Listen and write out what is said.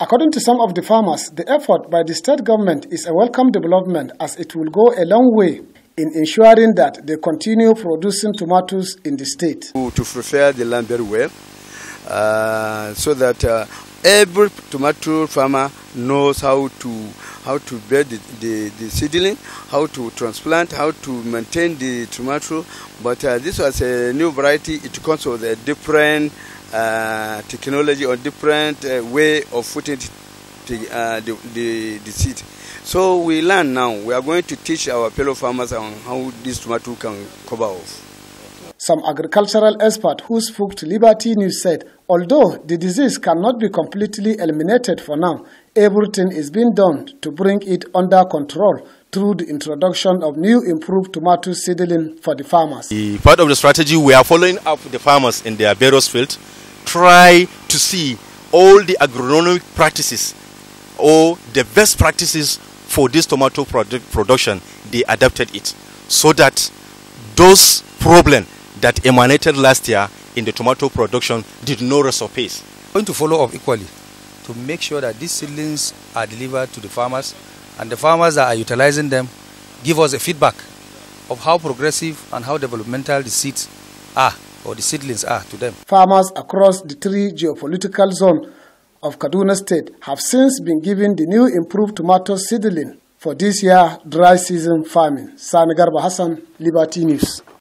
According to some of the farmers, the effort by the state government is a welcome development as it will go a long way in ensuring that they continue producing tomatoes in the state. To, prepare the land very well uh, so that uh, every tomato farmer knows how to how to bed the, the, the, seedling, how to transplant, how to maintain the tomato. But uh, this was a new variety. It comes with a different uh, technology or different uh, way of putting the, uh, the, the, the, seed. So we learn now. We are going to teach our fellow farmers on how this tomato can cover off. Some agricultural expert who spoke to Liberty News said, although the disease cannot be completely eliminated for now, everything is being done to bring it under control through the introduction of new improved tomato seedling for the farmers. The part of the strategy we are following up the farmers in their various fields try to see all the agronomic practices or the best practices for this tomato production, they adapted it so that those problems that emanated last year in the tomato production did not resurface. I'm going to follow up equally to make sure that these seedlings are delivered to the farmers and the farmers that are utilizing them give us a feedback of how progressive and how developmental the seeds are or the seedlings are to them. Farmers across the three geopolitical zones of Kaduna State have since been given the new improved tomato seedling for this year dry season farming. Sanegarba Hassan, Liberty News.